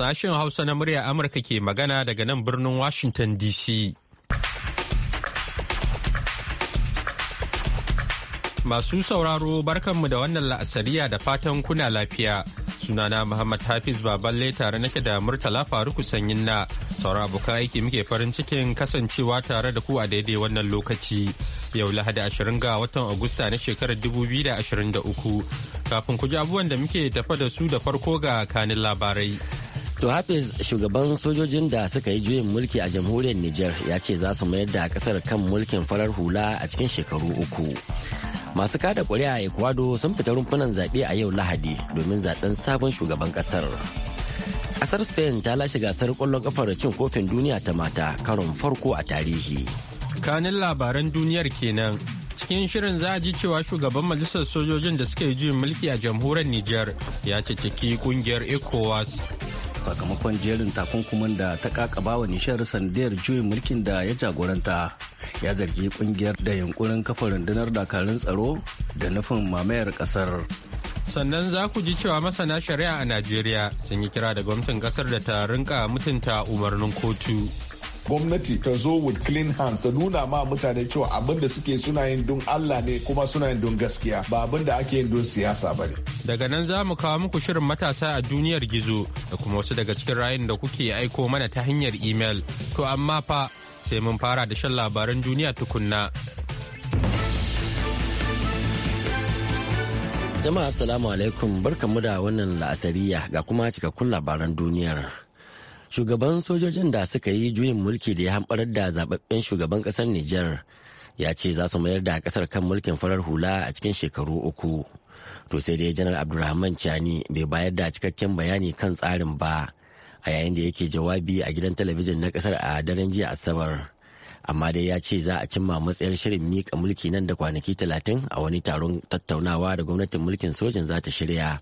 Sashen Hausa na murya Amurka ke magana daga nan birnin Washington DC. Masu sauraro barkanmu da wannan la'asariya da fatan kuna lafiya. Sunana Muhammad Hafiz Baballe tare nake da Murtala Faruku Sanyin na sauran abokan aiki muke farin cikin kasancewa tare da ku a daidai wannan lokaci. Yau Lahadi ashirin ga watan Agusta na shekarar 2023. Kafin ku ji abubuwan da muke tafa da su da farko ga kanin labarai. To Hafiz shugaban sojojin da suka yi juyin mulki a jamhuriyar Nijar ya ce za su mayar da kasar kan mulkin farar hula a cikin shekaru uku. Masu kada ƙuri'a a Ecuador sun fita rumfunan zaɓe a yau Lahadi domin zaɓen sabon shugaban ƙasar. Ƙasar Spain ta lashe gasar ƙwallon ƙafar cin kofin duniya ta mata karon farko a tarihi. Kanin labaran duniyar kenan. cikin shirin za a ji cewa shugaban majalisar sojojin da suka yi juyin mulki a jamhuriyar Nijar ya ce ciki ƙungiyar ECOWAS sakamakon jerin takunkuman da ta kakaba wa nishar sandiyar juyin mulkin da ya jagoranta ya zargi kungiyar da yunkurin kafa rundunar dakarun tsaro da nufin mamayar kasar sannan za ku ji cewa masana shari'a a najeriya sun yi kira da gwamnatin kasar da ta rinka mutunta umarnin kotu gwamnati ta zo with clean hand ta nuna ma mutane cewa abin da suke suna yin don Allah ne kuma suna yin don gaskiya ba abin da ake yin don siyasa ba ne. Daga nan za mu kawo muku shirin matasa a duniyar gizo da kuma wasu daga cikin rayun da kuke aiko mana ta hanyar email. To amma fa sai mun fara da shan labaran duniya tukunna. Jama'a assalamu alaikum barkamu da wannan la'asariya ga kuma cikakkun labaran duniyar. shugaban sojojin da suka yi juyin mulki da ya hamɓar da zaɓaɓɓen shugaban ƙasar Nijar ya ce za su mayar da ƙasar kan mulkin farar hula a cikin shekaru uku to sai dai janar abdulrahman chani bai bayar da cikakken bayani kan tsarin ba a yayin da yake jawabi a gidan talabijin na ƙasar a daren jiya asabar amma dai ya ce za a cimma matsayar shirin miƙa mulki nan da kwanaki talatin a wani taron tattaunawa da gwamnatin mulkin sojin za ta shirya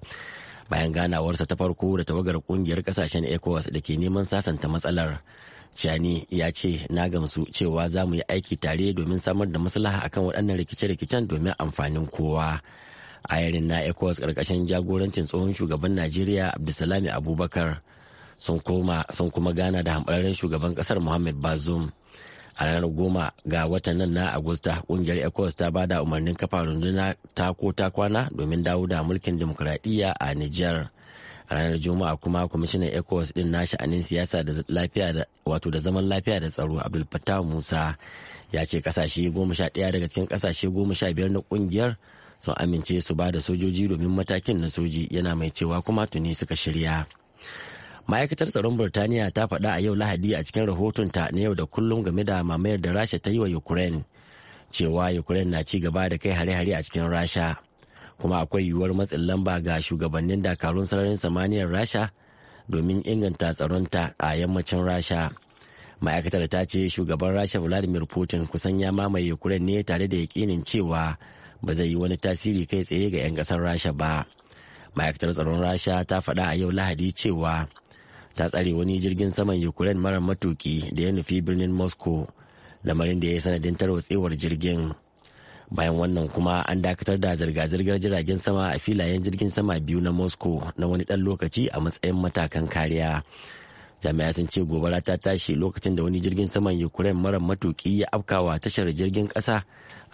bayan ganawarsa ta farko da tawagar kungiyar kasashen ecowas da ke neman sasanta matsalar chani ya ce na gamsu cewa za mu yi aiki tare domin samar da maslaha akan waɗannan rikice-rikicen domin amfanin kowa yarin na ecowas ƙarƙashin jagorancin tsohon shugaban najeriya abdulsalami abubakar sun kuma gana da hamɓararren shugaban ƙasar muhammad bazoum a ranar goma ga watan nan na agusta kungiyar ecowas ta bada umarnin kafa runduna ta ko ta kwana domin dawo da mulkin demokuraɗiyya a niger a ranar juma'a kuma kwamishinan ecowas din na sha'anin siyasa da lafiya da wato da zaman lafiya da tsaro abdul fattah musa ya ce kasashe goma sha ɗaya daga cikin kasashe goma sha biyar na kungiyar sun amince su bada sojoji domin matakin na soji yana mai cewa kuma tuni suka shirya ma'aikatar tsaron burtaniya ta faɗa a yau lahadi a cikin rahotonta na yau da kullum game da mamayar da rasha ta yi wa ukraine cewa ukraine na ci gaba da kai hare-hare a cikin rasha kuma akwai yiwuwar matsin lamba ga shugabannin dakarun sararin samaniyar rasha domin inganta tsaronta a yammacin rasha ma'aikatar ta ce shugaban rasha vladimir putin kusan ya mamaye ukraine ne tare da yakinin cewa ba zai yi wani tasiri kai tsaye ga 'yan kasar rasha ba ma'aikatar tsaron rasha ta faɗa a yau lahadi cewa ta tsare wani jirgin saman ukraine mara matuki da ya nufi birnin moscow lamarin da ya yi sanadin tarwatsewar jirgin bayan wannan kuma an dakatar da zirga-zirgar jiragen sama a filayen jirgin sama biyu na moscow na wani ɗan lokaci a matsayin matakan kariya jami'a sun ce gobara ta tashi lokacin da wani jirgin saman ukraine mara matuki ya afkawa tashar jirgin ƙasa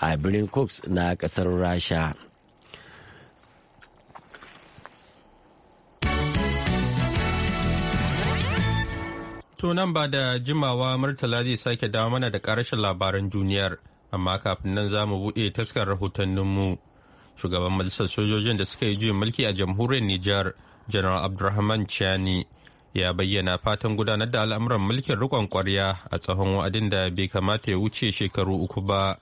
a birnin cox na ƙasar rasha To nan ba da jimawa Murtala zai sake dawo mana da ƙarashin labaran duniyar, amma kafin nan za mu buɗe taskar rahotanninmu. Shugaban Majalisar Sojojin da suka yi juyin mulki a jamhuriyar Nijar, General Abdulrahman Chani, ya bayyana fatan gudanar da al'amuran mulkin rikon kwarya a tsawon wa'adin da bai kamata ya wuce shekaru uku ba.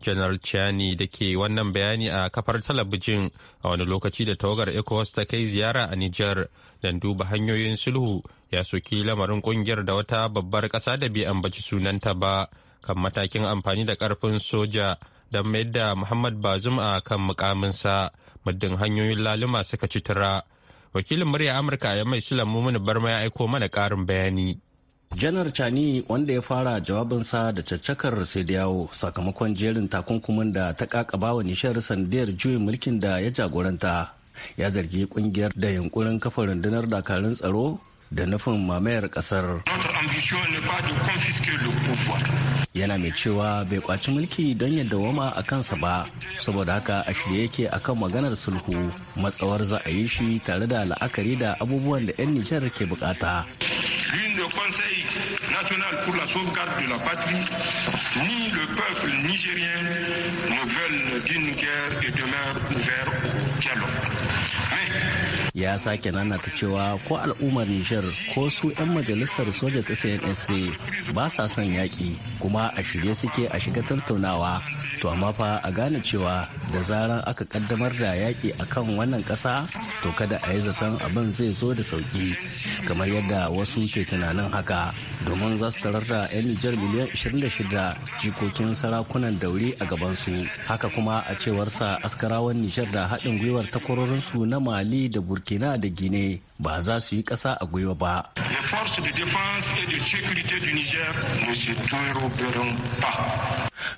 general Chani da ke wannan bayani a kafar talabijin a wani lokaci da tawagar ECOWAS ta kai ziyara a Nijar don duba hanyoyin sulhu ya soki lamarin kungiyar da wata babbar kasa da bai ambaci sunanta ba kan matakin amfani da karfin soja don mayar da muhammad bazum a kan mukaminsa muddin hanyoyin laluma suka ci tura wakilin murya amurka ya mai su mini barma ya aiko mana karin bayani janar chani wanda ya fara jawabinsa da caccakar sai da yawo sakamakon jerin takunkumin da ta kaka bawa nishiyar sandiyar juyin mulkin da ya jagoranta ya zargi kungiyar da yunkurin kafa rundunar dakarun tsaro da nufin mamayar kasar. Yana mai cewa bai kwaci mulki don yadda wama a kansa ba, saboda haka a shirye yake akan maganar sulhu matsawar za a yi shi tare da la'akari da abubuwan da 'yan Nijar ke bukata. ni le Conseil national pour la sauvegarde de la patrie, le peuple ne veulent d'une guerre et demeurent ouverts au dialogue. ya sake nanata cewa ko al'ummar nijar ko su 'yan majalisar soja ta cnsp ba sa son yaƙi kuma a shirye suke a shiga tattaunawa to amma fa a gane cewa da zaran aka kaddamar da yaƙi a kan wannan ƙasa to kada a yi zaton abin zai zo da sauƙi kamar yadda wasu ke tunanin haka domin za su tarar da 'yan nijar miliyan 26 jikokin sarakunan dauri a gabansu haka kuma a cewar sa askarawan nijar da haɗin gwiwar takwarorinsu na mali da burkina da gine ba za su yi ƙasa a gwiwa ba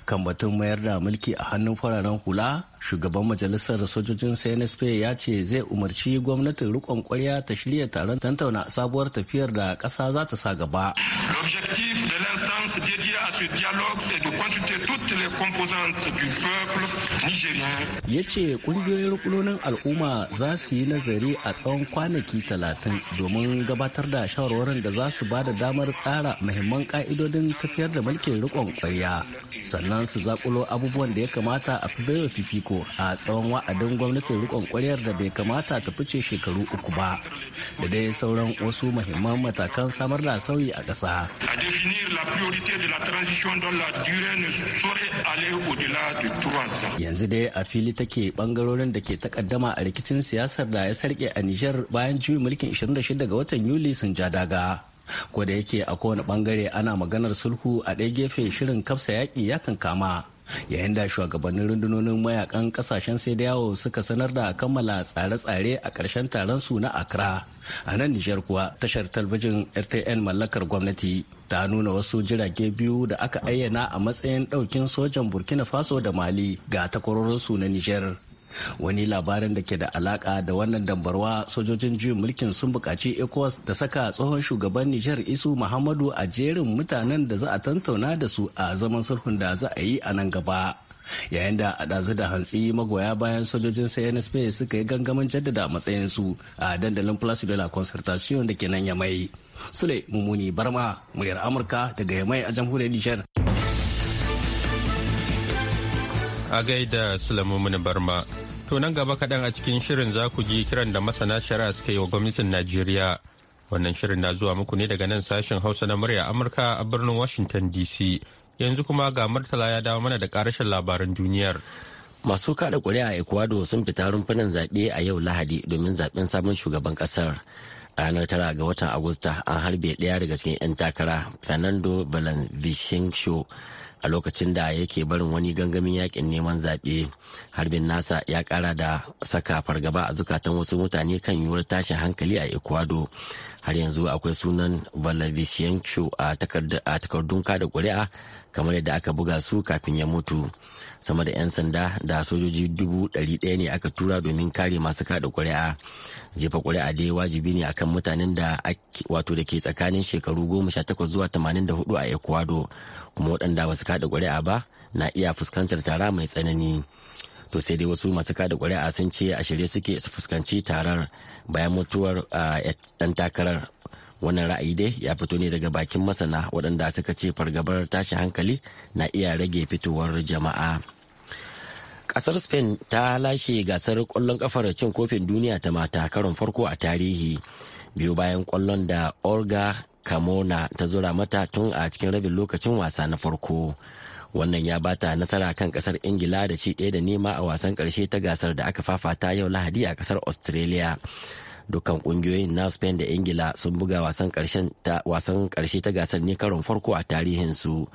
kan batun mayar da mulki a hannun fararen hula shugaban majalisar sojojin cnsp ya ce zai umarci gwamnatin rikon kwarya ta shirya taron tantauna sabuwar tafiyar da ƙasa za ta sa gaba l'objectif de l'instance dédiée à ce dialogue et de consulter toutes les composantes du peuple nigérien. Ya ce ƙungiyoyin rukunonin al'umma za su yi nazari a tsawon kwanaki talatin domin gabatar da shawarwarin da za su ba da damar tsara muhimman ka'idodin tafiyar da mulkin rikon kwarya sannan su zakulo abubuwan da ya kamata a fi baiwa fifiko a tsawon wa'adin gwamnatin rikon kwaryar da bai kamata ta fice shekaru uku ba da dai sauran wasu muhimman matakan samar da sauyi a ƙasa. transition la durée ne saurait aller au-delà de trois ans. Yanzu dai a fili take bangarorin da ke takaddama a rikicin siyasar da ya sarke a niger bayan juyin mulkin 26 ga watan Yuli sun ja daga. Ko da yake a kowane bangare ana maganar sulhu a ɗaya gefe shirin kafsa yaƙi ya kankama. kama. yayin da shugabannin rundunonin mayakan kasashen sai da yawo suka sanar da kammala tsare-tsare a ƙarshen taron su na accra a nan nijar kuwa tashar talbijin rtn mallakar gwamnati ta nuna wasu jirage biyu da aka ayyana a matsayin ɗaukin sojan burkina faso da mali ga takwarorinsu na nijar wani labarin da ke da alaka da wannan dambarwa sojojin juyin mulkin sun buƙaci ecowas da saka tsohon shugaban nijar isu muhammadu a jerin mutanen da za a tantauna da su a zaman sulhun da za a yi a nan gaba yayin da a ɗazu da hantsi magoya bayan sojojin cnsp suka yi gangamin jaddada matsayinsu a dandalin place de la concertation da ke nan yamai sule mummuni barma muryar amurka daga yamai a jamhuriyar nijar a gaida sule mummuni barma To nan gaba kaɗan a cikin shirin za ku ji kiran da masana shari'a suka yi wa gwamnatin Najeriya. Wannan shirin na zuwa muku ne daga nan sashen Hausa na murya Amurka a birnin Washington DC. Yanzu kuma ga Murtala ya dawo mana da ƙarashin labaran duniyar. Masu kada ƙuri'a a Ecuador sun fita rumfunan zaɓe a yau Lahadi domin zaɓen sabon shugaban ƙasar. ranar tara ga watan agusta an harbe ɗaya daga cikin 'yan takara fernando valenvishencio a lokacin da yake barin wani gangamin yakin neman zaɓe harbin nasa ya ƙara da saka fargaba a zukatan wasu mutane kan yiwuwar tashin hankali a ecuador har yanzu akwai sunan valavisciencio a takardun kada kuri'a kamar yadda aka buga su kafin ya mutu sama da 'yan sanda da sojoji dubu ɗari ɗaya ne aka tura domin kare masu kada kuri'a jefa ƙuri'a dai wajibi ne akan mutanen da wato da ke tsakanin shekaru goma sha takwas zuwa tamanin hudu a ecuador kuma waɗanda ba su kada ƙuri'a ba na iya fuskantar tara mai tsanani to sai dai wasu masu kada ƙuri'a sun ce a shirye suke su fuskanci tarar bayan mutuwar ɗan takarar wannan ra'ayi dai ya fito ne daga bakin masana waɗanda suka ce fargabar tashi hankali na iya rage fitowar jama'a ƙasar spain ta lashe gasar ƙwallon ƙafar cin kofin duniya ta mata karon farko a tarihi biyu bayan ƙwallon da olga na ta zura mata tun a cikin rabin lokacin wasa na farko. Wannan ya bata nasara kan kasar Ingila da ci ɗaya da nema a wasan ƙarshe ta gasar da aka fafata yau Lahadi a kasar Australia. Dukkan ƙungiyoyin na Spain da Ingila sun buga wasan ƙarshe ta gasar ne karon farko a tarihinsu.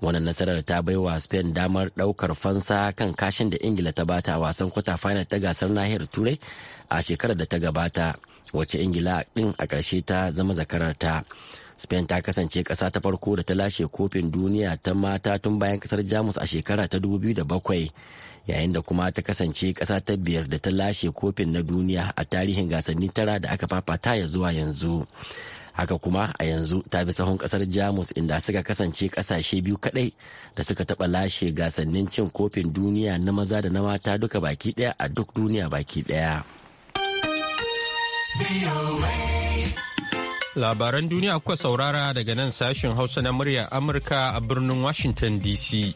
wannan nasarar ta bai wa spain damar ɗaukar fansa kan kashin da ingila ta bata wasan kwata final ta gasar nahiyar turai a shekarar da ta gabata wacce ingila ɗin a ƙarshe ta zama zakarar ta. spain ta kasance ƙasa ta farko da ta lashe kofin duniya ta mata tun bayan ƙasar jamus a shekara ta 2007 yayin da kuma ta kasance ƙasa ta biyar da ta lashe kofin na duniya a tarihin gasanni tara da aka fafata ya zuwa yanzu haka kuma a yanzu ta bi sahun kasar jamus inda suka kasance kasashe biyu kadai da suka taba lashe gasannin cin kofin duniya na maza da na mata duka baki daya a duk duniya baki daya Labaran duniya kuka saurara daga nan sashen Hausa na muryar Amurka a birnin Washington DC.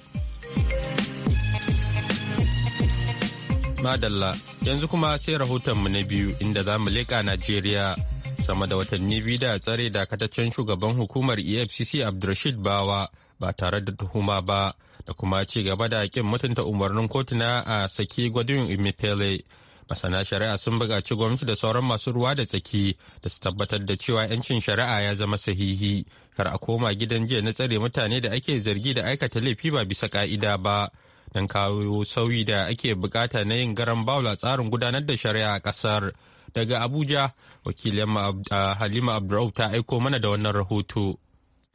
Madalla, yanzu kuma sai rahotonmu na biyu inda za mu leƙa Najeriya. Sama da watanni biyu da tsare dakataccen shugaban hukumar EFCC Abdulrashid Bawa ba tare da tuhuma ba da kuma ci gaba da yakin mutunta umarnin kotuna a saki gwadon Imipele. masana shari'a sun bugaci gwamnati da sauran masu ruwa da tsaki da su tabbatar da cewa 'yancin shari'a ya zama sahihi kar a koma gidan jiya na tsare mutane da ake zargi da aikata laifi ba bisa ka'ida ba don kawo sauyi da ake bukata na yin garan bawla tsarin gudanar da shari'a a kasar daga abuja wakilin halima abdurraub ta aiko mana da wannan rahoto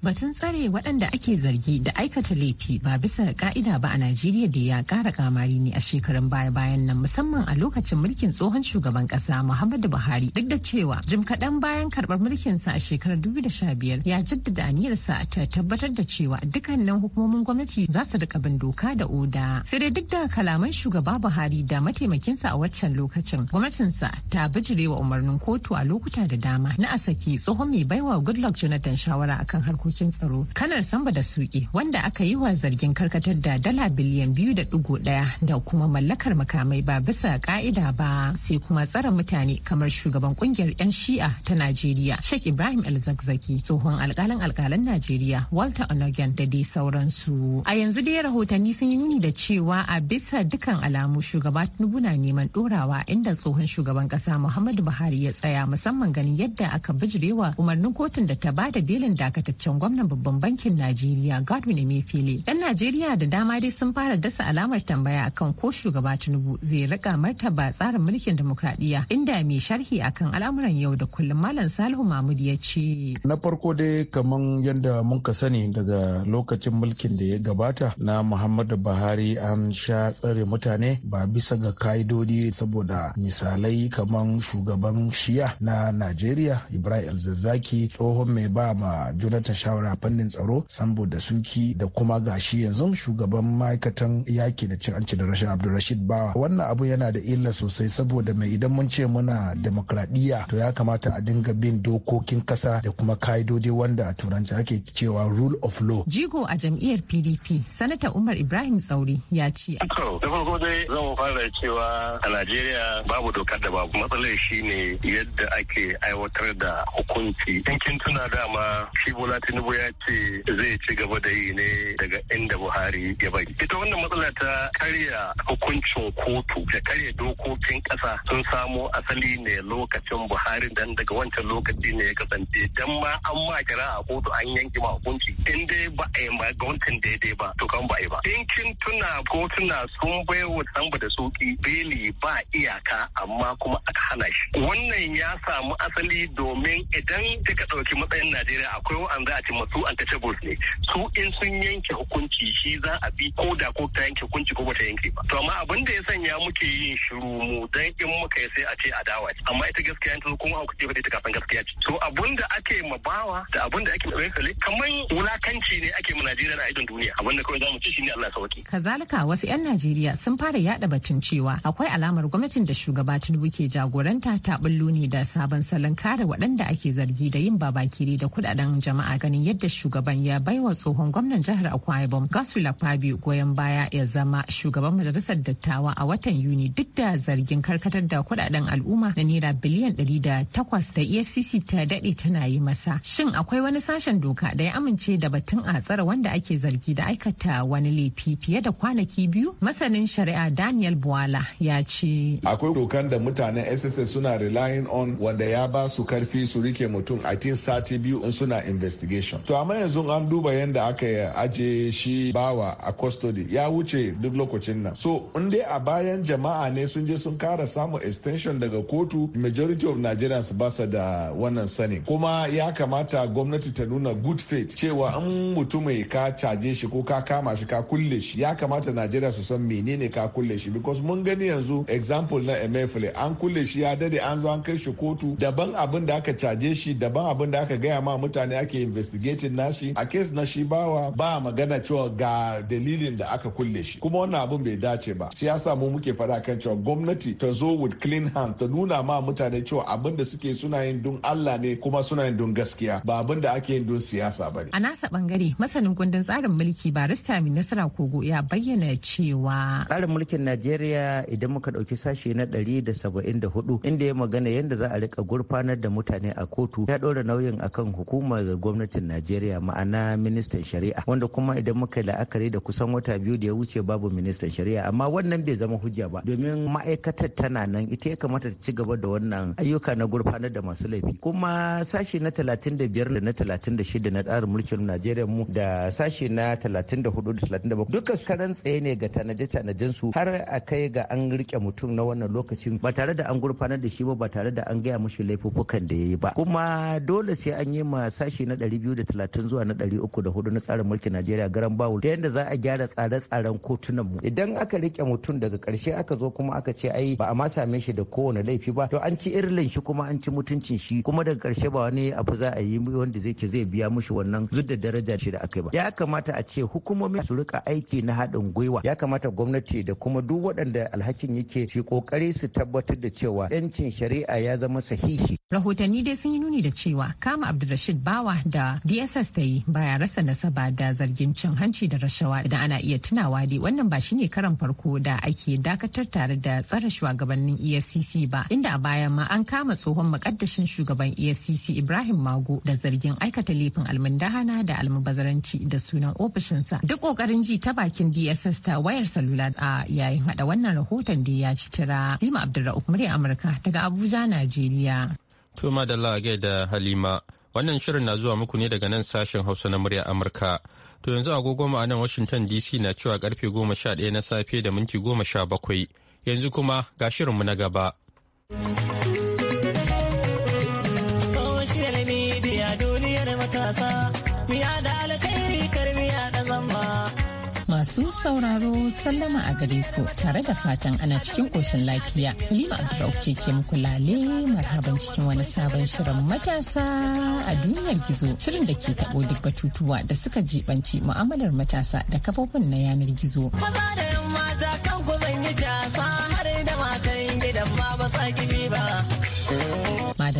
Batun tsare waɗanda ake zargi da aikata laifi ba bisa ka'ida ba a Najeriya da ya ƙara kamari ne a shekarun baya-bayan nan musamman a lokacin mulkin tsohon shugaban ƙasa Muhammadu Buhari duk da cewa jim kaɗan bayan karɓar mulkinsa a shekarar 2015 ya jaddada aniyarsa ta tabbatar da cewa dukkanin hukumomin gwamnati za su rika bin doka da oda. Sai dai duk da kalaman shugaba Buhari da mataimakinsa a waccan lokacin gwamnatinsa ta bijirewa umarnin kotu a lokuta da dama na a saki tsohon mai baiwa Goodluck Jonathan shawara akan harkokin harkokin tsaro kanar samba da suki wanda aka yi wa zargin karkatar da dala biliyan biyu da dugu daya da kuma mallakar makamai ba bisa ka'ida ba sai kuma tsare mutane kamar shugaban kungiyar 'yan shi'a ta najeriya sheikh ibrahim alzakzaki tsohon alkalin alkalin najeriya walter onogan da dai sauransu a yanzu dai rahotanni sun yi nuni da cewa a bisa dukkan alamu shugaba tinubu na neman dorawa inda tsohon shugaban kasa muhammadu buhari ya tsaya musamman ganin yadda aka bijirewa umarnin kotun da ta bada belin dakataccen gwamnan babban bankin Najeriya Godwin Emefiele. Yan Najeriya da dama dai sun fara dasa alamar tambaya akan ko shugaba Tinubu zai rika martaba tsarin mulkin demokradiyya inda mai sharhi akan al'amuran yau da kullum Malam Salihu Mahmud ya ce. Na farko dai kaman yadda ka sani daga lokacin mulkin da ya gabata na Muhammadu Buhari an sha tsare mutane ba bisa ga ka'idodi saboda misalai kaman shugaban shiya na Najeriya Ibrahim Zazzaki tsohon mai ba ma Jonathan shawara fannin tsaro sambo da suki da kuma gashi yanzu shugaban ma'aikatan yaki da cin hanci da rashin abdulrashid bawa wannan abu yana da illa sosai saboda mai idan mun ce muna demokradiyya to ya kamata a dinga bin dokokin kasa da kuma ka'idodi wanda a turanci ake cewa rule of law jigo a jam'iyyar pdp sanata umar ibrahim sauri ya ce da farko dai zan fara cewa a najeriya babu dokar da babu matsalar shine yadda ake aiwatar da hukunci in kin tuna dama shi bola Tinubu ya ce zai ci gaba da yi ne daga inda Buhari ya bari. Ita wannan matsala ta karya hukuncin kotu da karya dokokin kasa sun samo asali ne lokacin Buhari dan daga wancan lokaci ne ya kasance dan ma an ma kira a kotu an yanki ma hukunci in dai ba a yi ma gwamnatin daidai ba to kan ba a yi ba. In kin tuna kotuna sun bai wa samba da soki beli ba iyaka amma kuma aka hana shi. Wannan ya samu asali domin idan kika ɗauki matsayin Najeriya akwai wa'anda a ce ma su untouchables ne su in sun yanke hukunci shi za a bi ko da ko ta yanke hukunci ko bata yanke ba to amma abin da ya sanya muke yin shiru mu dan in muka sai a ce adawa ce amma ita gaskiya ta kuma a kuke fada ita kafin gaskiya ce to abin da ake ma bawa da abin da ake ma kale kamar wulakanci ne ake ma Najeriya da idon duniya abin da kawai mu ci ne Allah sauki kazalika wasu yan Najeriya sun fara yada batun cewa akwai alamar gwamnatin da shugaba Tinubu ke jagoranta ta bullo ne da sabon salon kare waɗanda ake zargi da yin babakire da kudaden jama'a ganin ganin yadda shugaban ya baiwa tsohon gwamnan jihar Akwa Ibom Godswill Akpabio goyon baya ya zama shugaban majalisar dattawa a watan Yuni duk da zargin karkatar da kudaden al'umma na naira biliyan 108 da takwas da EFCC ta dade tana yi masa. Shin akwai wani sashen doka da ya amince da batun a tsara wanda ake zargi da aikata wani laifi fiye da kwanaki biyu? Masanin shari'a Daniel Buwala ya ce. Akwai dokan da mutanen SSS suna relying on wanda ya ba su karfi su rike mutum a sati biyu in suna investigation. protection to amma yanzu an duba yadda aka aje shi bawa a custody ya wuce duk lokacin nan so in dai a bayan jama'a ne sun je sun kara samun extension daga kotu majority of nigerians ba su da wannan sani kuma ya kamata gwamnati ta nuna good faith cewa in mutum ka caje shi ko ka kama shi ka kulle shi ya kamata najeriya su san menene ka kulle shi because mun gani yanzu example na emefile an kulle shi ya dade an zo an kai shi kotu daban abin da aka caje shi daban abin da aka gaya ma mutane ake invest investigating nashi a kes na shi bawa ba magana cewa ga dalilin da aka kulle shi kuma wannan abun bai dace ba shi yasa mu muke fada kan cewa gwamnati ta zo with clean hands ta nuna ma mutane cewa abin da suke suna yin don Allah ne kuma suna yin don gaskiya ba abin da ake yin don siyasa ba ne. A nasa bangare masanin kundin tsarin mulki barista mai nasara kogo ya bayyana cewa. Tsarin mulkin Najeriya idan muka ɗauki sashe na ɗari da saba'in da hudu inda ya magana yadda za a rika gurfanar da mutane a kotu ya ɗora nauyin akan hukumar gwamnati gwamnatin najeriya ma'ana ministan shari'a wanda kuma idan muka la'akari da kusan wata biyu da ya wuce babu ministan shari'a amma wannan bai zama hujja ba domin ma'aikatar tana nan ita ya kamata ta ci gaba da wannan ayyuka na gurfanar da masu laifi kuma sashi na talatin da biyar da na talatin da na tsarin mulkin najeriya mu da sashi na talatin da hudu da talatin da bakwai duka karan tsaye ne ga tanaje-tanajen su har a kai ga an rike mutum na wannan lokacin ba tare da an gurfanar da shi ba ba tare da an gaya mushi laifuffukan da ya yi ba kuma dole sai an yi ma sashi na 230 zuwa na 304 na tsarin mulkin Najeriya garan bawul ta yadda za a gyara tsare-tsaren kotunan mu idan aka rike mutum daga karshe aka zo kuma aka ce ai ba a ma same shi da kowane laifi ba to an ci irin shi kuma an ci mutuncin shi kuma daga karshe ba wani abu za a yi wanda zai ke zai biya mushi wannan zudda daraja shi da aka ba ya kamata a ce hukumomi su rika aiki na haɗin gwiwa ya kamata gwamnati da kuma duk waɗanda alhakin yake su kokari su tabbatar da cewa 'yancin shari'a ya zama sahihi rahotanni dai sun yi nuni da cewa kama abdulrashid bawa da dss ta yi baya rasa nasaba da zargin cin hanci da rashawa idan ana iya tunawa dai wannan ba shine karan farko da ake dakatar tare da tsare shugabannin efcc ba inda a baya ma an kama tsohon makaddashin shugaban efcc ibrahim mago da zargin aikata laifin almundahana da almubazaranci da sunan ofishinsa duk kokarin ji ta bakin dss ta wayar salula a yayin hada wannan rahoton da ya ci tira lima Abdulrauf murya amurka daga abuja najeriya da da halima Wannan shirin na zuwa muku ne daga nan sashen Hausa na murya Amurka. To yanzu agogo a nan Washington DC na cewa karfe goma sha ɗaya na safe da minti goma sha bakwai. Yanzu kuma ga shirinmu na gaba. masu sauraro sallama a gare ku tare da fatan ana cikin koshin lafiya. halima abdullahi ce ke muku lale marhaban cikin wani sabon shirin matasa a duniyar gizo shirin da ke taɓo duk batutuwa da suka jibanci mu'amalar matasa da kafofin na yanar gizo. Maza da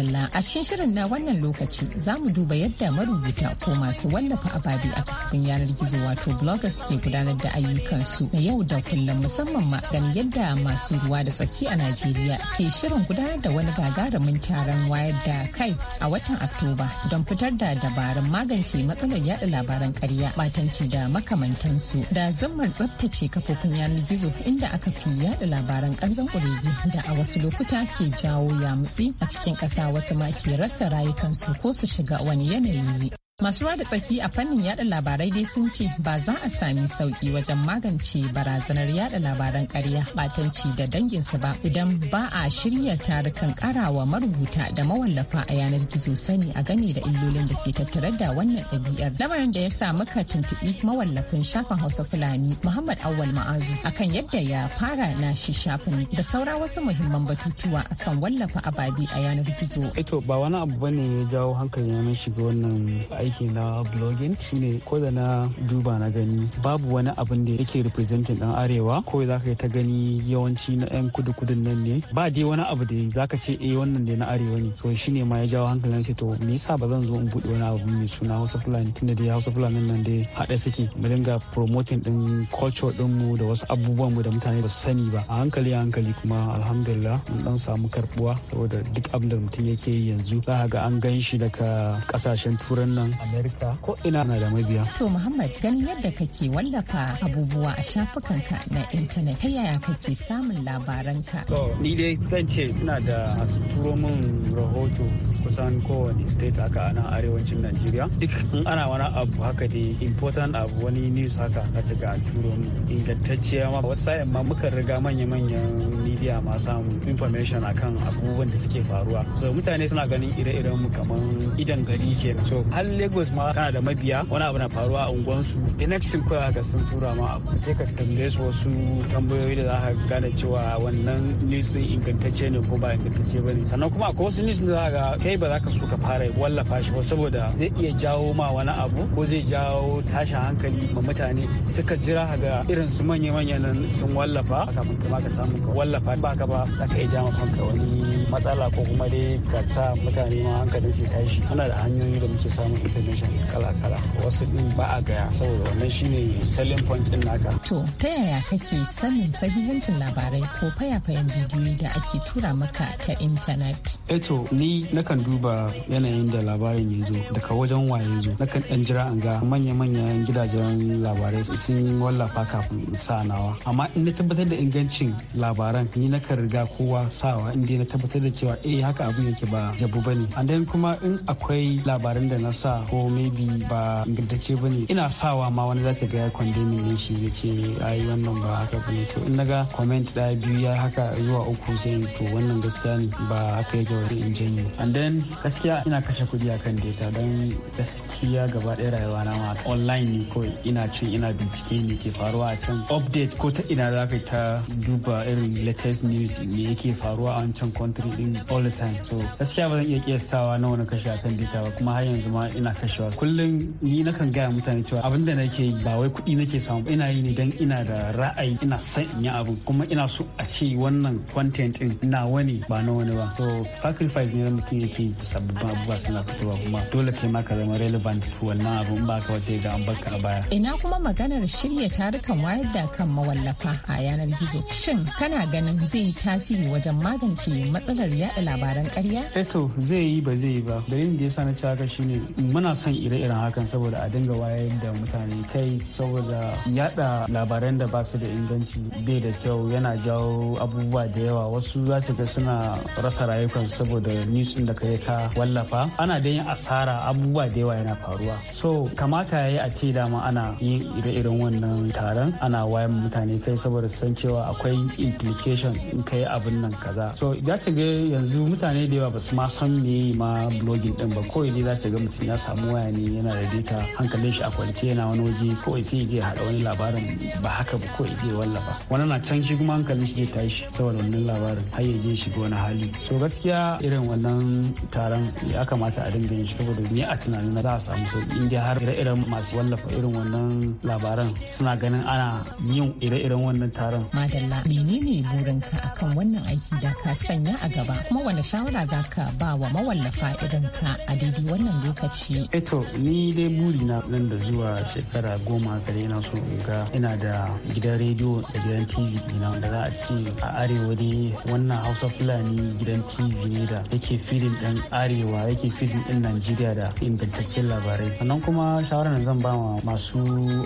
madalla a cikin shirin na wannan lokaci za mu duba yadda marubuta ko masu wallafa ababi a kafin yanar gizo wato bloggers ke gudanar da ayyukansu na yau da kullum musamman ma ganin yadda masu ruwa da tsaki a Najeriya ke shirin gudanar da wani gagarumin taron wayar da kai a watan Oktoba don fitar da dabarun magance matsalar yada labaran karya batanci da makamantansu da zammar tsabtace kafofin yanar gizo inda aka fi yada labaran kanzon kuregi da a wasu lokuta ke jawo yamutsi a cikin ƙasa wasu ma ke rasa rayukansu ko su shiga wani yanayi Masu ruwa da tsaki a fannin yada labarai dai sun ce ba za a sami sauki wajen magance barazanar yada labaran karya batanci da danginsu ba idan ba a shirya tarukan karawa marubuta da mawallafa a yanar gizo sani a game da illolin da ke tattare da wannan ɗabi'ar. Lamarin da ya sa muka tuntuɓi mawallafin shafin Hausa Fulani Muhammad Awal Ma'azu akan yadda ya fara na shi shafin da saura wasu muhimman batutuwa akan wallafa ababi a yanar gizo. Ito ba wani abu bane ya jawo hankalin ya shiga wannan aiki na blogging shine ko da na duba na gani babu wani abin da yake representin dan arewa ko za ka ta gani yawanci na yan kudu kudu nan ne ba dai wani abu da za ka ce eh wannan da na arewa ne so shine ma ya jawo hankalin shi to me yasa ba zan zo in buɗe wani abu mai suna Hausa Fulani tunda dai Hausa Fulani nan dai haɗe suke mu dinga promoting din culture din mu da wasu abubuwan mu da mutane ba su sani ba a hankali a hankali kuma alhamdulillah mun dan samu karbuwa saboda duk abin da mutum yake yanzu za ga an gan shi daga kasashen turan nan amerika ko ina na da mabiya to muhammad ganin yadda kake wallafa abubuwa a shafukanka na intanet ta yaya kake samun labaranka to ni dai zan ce ina da turo min rahoto kusan kowane state haka a nan arewacin najeriya duk in ana wani abu haka dai important abu wani news haka na taga turo min ingantacciya ma wasu sayan ma muka riga manya-manyan media ma samu information akan abubuwan da suke faruwa so mutane suna ganin ire-iren mu kamar idan gari ke so halle lagos ma kana da mabiya wani abu na faruwa a unguwansu the next thing kawai haka sun tura ma abu sai ka tambaye su wasu tambayoyi da za ka gane cewa wannan news din ingantacce ne ko ba ingantacce ba ne sannan kuma akwai wasu news da za ka kai ba za ka so ka fara wallafa shi ba saboda zai iya jawo ma wani abu ko zai jawo tashin hankali ma mutane suka jira ga irin su manya-manya nan sun wallafa kafin kuma ka samu ka wallafa ba ka ba za ka iya ja ma kanka wani matsala ko kuma dai ka sa mutane ma hankalin su tashi ana da hanyoyi da muke samu information kala-kala wasu din ba a gaya saboda wannan shine selling point din naka. To ta yaya kake sanin sahihancin labarai ko faya fayan bidiyo da ake tura maka ta intanet? Eto eh ni nakan duba yanayin da labarin ya zo daga wajen waye zo nakan dan jira an ga manya-manyan gidajen labarai sun wallafa kafin sa nawa amma in na tabbatar da ingancin labaran ni nakan riga kowa sawa inda na tabbatar da cewa eh haka abin yake ba jabu bane and then kuma in akwai labaran da na sa ko maybe ba ingantacce ba ne ina sawa ma wani zaka ga condemning ne shi ya ce ai wannan ba haka ba ne to in naga comment ɗaya biyu ya haka zuwa uku sai to wannan gaskiya ne ba haka yake wani in janyo. and then gaskiya ina kashe kuɗi akan data don gaskiya gaba ɗaya rayuwa na ma online ne ko ina cin ina bincike ne ke faruwa a can update ko ta ina zaka ta duba irin latest news me yake faruwa a wancan country din all the time so gaskiya ba zan iya kiyastawa nawa na kashe akan data ba kuma har yanzu ma ina kashewa kullum ni na kan gaya mutane cewa abin da nake yi ba wai kuɗi nake samu ina yi ne dan ina da ra'ayi ina son in yi abu kuma ina so a ce wannan content din na wani ba na wani ba to sacrifice ne na mutum yake sabbin abubuwa suna fitowa kuma dole kai ma ka zama relevant wannan abun ba ka wace ga an barka a baya ina kuma maganar shirya tarukan wayar da kan mawallafa a yanar gizo shin kana ganin zai yi tasiri wajen magance matsalar yaɗa labaran ƙarya eto eh zai yi ba zai yi ba dalilin da ya sa na ci shine muna son ire-iren hakan saboda a dinga wayar da mutane kai saboda yada labaran da ba su da inganci bai da kyau yana jawo abubuwa da yawa wasu za ta ga suna rasa rayukan saboda nisun da kai ka wallafa ana da yin asara abubuwa da yawa yana faruwa so kamata ya yi a ce dama ana yin ire-iren wannan taron ana wayar mutane kai saboda san cewa akwai implication in kai abin nan kaza so za ta ga yanzu mutane da yawa ba su ma san me ma blogging din ba kawai ne za ta ga mutum ya samu waya ne yana da data hankalin shi a kwance yana wani waje kawai sai ya haɗa wani labarin ba haka ba kawai zai wallafa wani na can shi kuma hankalin shi zai tashi saboda wannan labarin har ya je shiga wani hali so gaskiya irin wannan taron ya kamata a dinga yin shi saboda ni a tunanin za a samu sauki in har ire-iren masu wallafa irin wannan labaran suna ganin ana yin ire-iren wannan taron. Madalla menene burinka akan wannan aiki da ka sanya a gaba kuma wani shawara za ka ba wa mawallafa irin ka a daidai wannan lokaci yi eh eto ni dai buri na nan da zuwa shekara goma kare na so in ga ina da gidan rediyo da gidan tv ina da za a ce a arewa ne wannan hausa fulani gidan tv ne da yake filin ɗan arewa yake filin ɗin najeriya da ingantaccen labarai sannan kuma shawarar da zan ba wa masu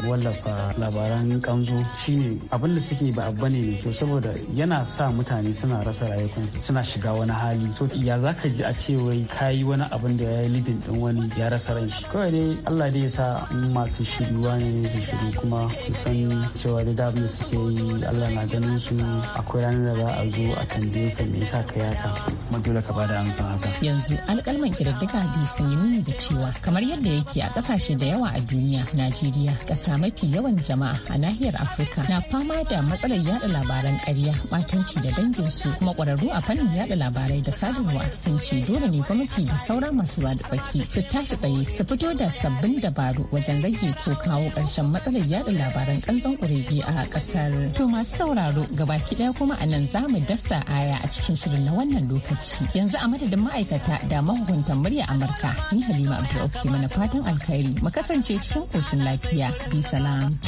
wallafa labaran kanzo shine abin da suke ba abu ne to saboda yana sa mutane suna rasa rayukansu suna shiga wani hali to ya zaka ji a ce wai kayi wani abin da ya yi lidin ɗin wani ya rasa ran kawai dai Allah dai ya sa masu shiruwa ne da shiru kuma su san cewa da da suke yi Allah na ganin su akwai ranar da za a zo a tambaye ka me yasa ka yaka kuma dole ka bada amsa haka yanzu alƙalman kididdiga dai sun yi nuni da cewa kamar yadda yake a ƙasashe da yawa a duniya Najeriya ƙasa mafi yawan jama'a a nahiyar Afirka na fama da matsalar yada labaran ƙarya matanci da danginsu kuma ƙwararru a fannin yada labarai da sadarwa sun ce dole ne gwamnati da saura masu ruwa da tsaki su tashi tsaye su fito da sabbin dabaru wajen rage ko kawo ƙarshen matsalar yada labaran kanzon kurege a ƙasar. To masu sauraro gabaki ɗaya kuma a nan za mu dasa aya a cikin shirin na wannan lokaci. Yanzu a madadin ma'aikata da mahukuntan murya Amurka ni Halima Abdulrahman mana fatan alkhairi mu kasance cikin koshin lafiya. Bi salam.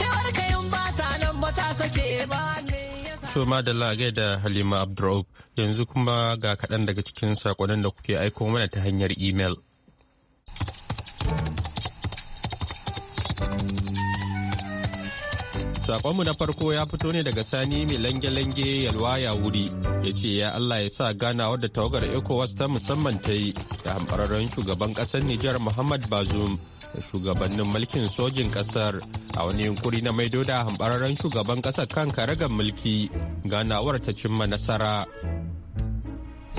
to madalla gai da halima Abdulrahman yanzu kuma ga kaɗan daga cikin saƙonin da kuke aiko mana ta hanyar imel. Sakonmu na farko ya fito ne daga sani mai lange-lange yalwa ya wuri ya ce ya Allah ya sa ganawar da tawagar ECOWAS ta musamman ta yi da hambararren shugaban kasar Nijar Muhammad Bazoum da shugabannin mulkin sojin kasar a wani yunkuri na maido da hambararren shugaban kasar kan karagar mulki ganawar ta cimma nasara.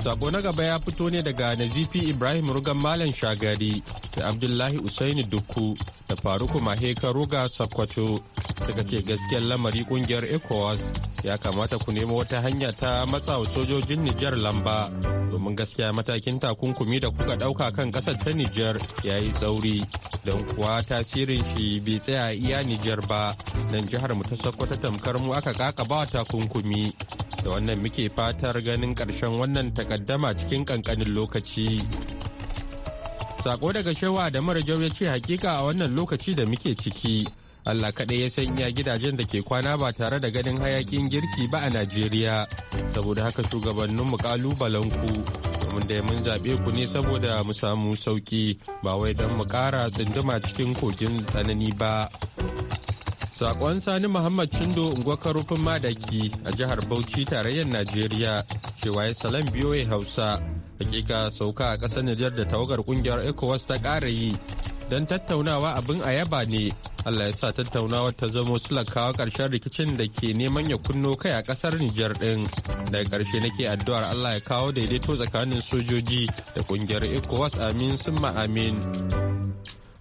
Sako na gaba ya fito ne daga Nazifi Ibrahim Rugan Malam Shagari da Abdullahi Usaini Dukku da Faruku Maheka Ruga Sakwato suka ce gaskiyar lamari kungiyar ECOWAS ya kamata ku nemo wata hanya ta matsawa sojojin Nijar lamba domin gaskiya matakin takunkumi da kuka ɗauka kan ƙasar ta Nijar ya yi tsauri don kuwa tasirin shi bai tsaya iya Nijar ba nan jihar mu ta Sokoto tamkar mu aka kaka ba takunkumi da wannan muke fatar ganin ƙarshen wannan ta. takaddama cikin kankanin lokaci sako daga shewa da marajau ya ce hakika a wannan lokaci da muke ciki Allah kaɗai ya sanya gidajen da ke kwana ba tare da ganin hayakin girki ba a Najeriya. Saboda haka shugabanninmu ƙalubalenku, domin da mun zaɓe ku ne saboda mu samu sauƙi ba wai don mu ƙara tsinduma cikin kogin tsanani ba. Saƙon Sani Muhammad Chindo unguwar rufin madaki a jihar Bauchi tarayyar Najeriya cewa ya salam biyoyi hausa hakika sauka a ƙasar Nijar da tawagar kungiyar ECOWAS ta ƙara yi don tattaunawa abin a yaba ne Allah ya sa tattaunawar ta zamo sulakawa kawo ƙarshen rikicin da ke neman ya kunno kai a ƙasar Nijar ɗin daga ƙarshe nake addu'ar Allah ya kawo daidaito tsakanin sojoji da ƙungiyar ECOWAS amin summa amin.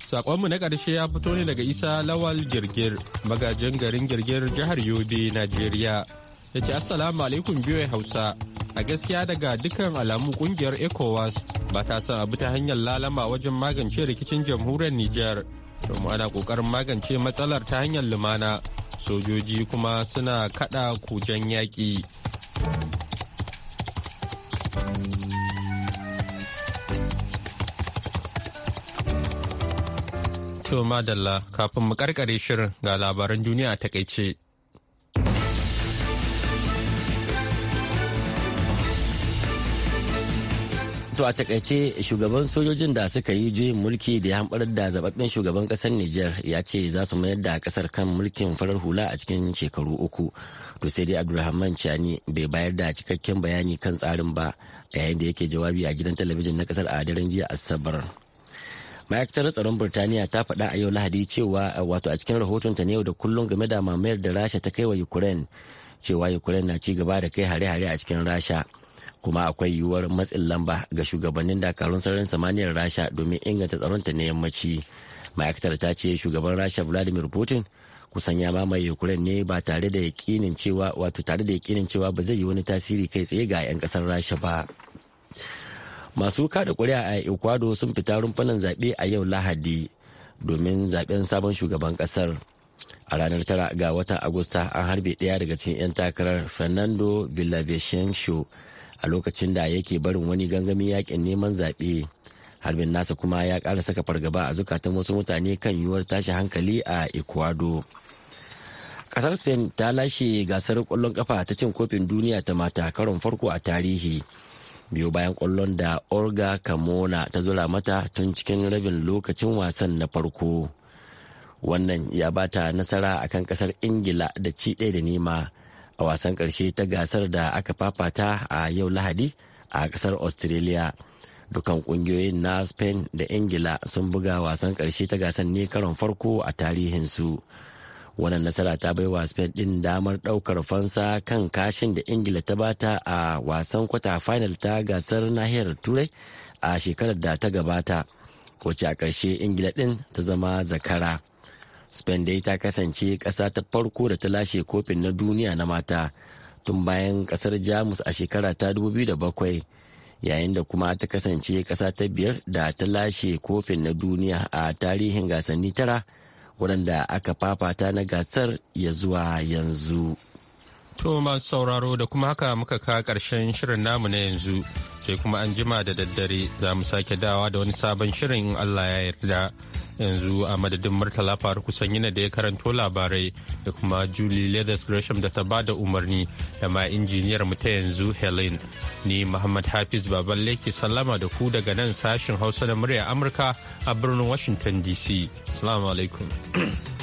Sakonmu na ƙarshe ya fito ne daga Isa Lawal Girgir, magajin garin Girgir jihar Yobe, Najeriya. Ya ce Assalamu alaikum biyu Hausa. a gaskiya daga dukkan alamu kungiyar ecowas ba ta son abu ta hanyar lalama wajen magance rikicin jamhuriyar niger domin ana kokarin magance matsalar ta hanyar lumana sojoji kuma suna kada kujen yaƙi To madalla kafin mu karkare shirin ga labaran duniya a takaice. To a takaice shugaban sojojin da suka yi juyin mulki da ya hamɓarar da zababben shugaban kasar Nijar ya ce za su mayar da kasar kan mulkin farar hula a cikin shekaru uku. To sai dai Abdulrahman Chani bai bayar da cikakken bayani kan tsarin ba a yayin da yake jawabi a gidan talabijin na kasar a daren jiya Asabar. ma'aikatar tsaron burtaniya ta faɗa a yau lahadi cewa wato a cikin rahotonta ne yau da kullum game da mamayar da rasha ta kai wa ukraine cewa ukraine na ci gaba da kai hare-hare a cikin rasha kuma akwai yiwuwar matsin lamba ga shugabannin dakarun sararin samaniyar rasha domin inganta tsaron ta na yammaci ma'aikatar ta ce shugaban rasha vladimir putin kusan ya mamaye ukraine ne ba tare da yakinin cewa wato tare da yakinin cewa ba zai yi wani tasiri kai tsaye ga 'yan kasar rasha ba masu kada kuri'a a ecuador sun fita rumfunan zaɓe a yau lahadi domin zaɓen sabon shugaban kasar a ranar tara ga watan agusta an harbe ɗaya daga cikin 'yan takarar fernando villavicencio a lokacin da yake barin wani gangami yakin neman zaɓe harbin nasa kuma ya ƙara saka fargaba a zukatan wasu mutane kan yiwuwar tashi hankali a ecuador Ƙasar spain ta lashe gasar ƙwallon ƙafa ta cin kofin duniya ta mata karon farko a tarihi biyu bayan ƙwallon da Orga camona ta zura mata tun cikin rabin lokacin wasan na farko wannan ya bata nasara akan kasar ingila da ci ɗaya da nema a wasan ƙarshe ta gasar da aka fafata a yau lahadi a ƙasar australia dukan ƙungiyoyin na spain da ingila sun buga wasan ƙarshe ta gasar ne karon farko a tarihinsu wannan nasara ta bai wa spain ɗin damar ɗaukar fansa kan kashin da ingila ta bata a wasan kwata final ta gasar nahiyar turai a shekarar da ta gabata wacce a ƙarshe ingila ɗin ta zama zakara. spain dai ta kasance ƙasa ta farko da ta lashe kofin na duniya na mata tun bayan ƙasar jamus a shekara ta 2007 yayin da kuma ta kasance kasa ta biyar da ta lashe kofin na duniya a tarihin gasanni tara wadanda aka fafata na gasar ya zuwa yanzu. To masu sauraro da kuma haka muka ka ƙarshen shirin namu na yanzu sai kuma an jima da daddare za mu sake dawa da wani sabon shirin in Allah ya yarda. yanzu a madadin murtala faru kusan yana da ya karanto labarai da kuma julie leathers gresham da ta ba da umarni da ma injiniyar ta yanzu helen ni muhammad hafiz Baban ke sallama da ku daga nan sashin hausa da murya amurka a birnin washington dc salamu alaikum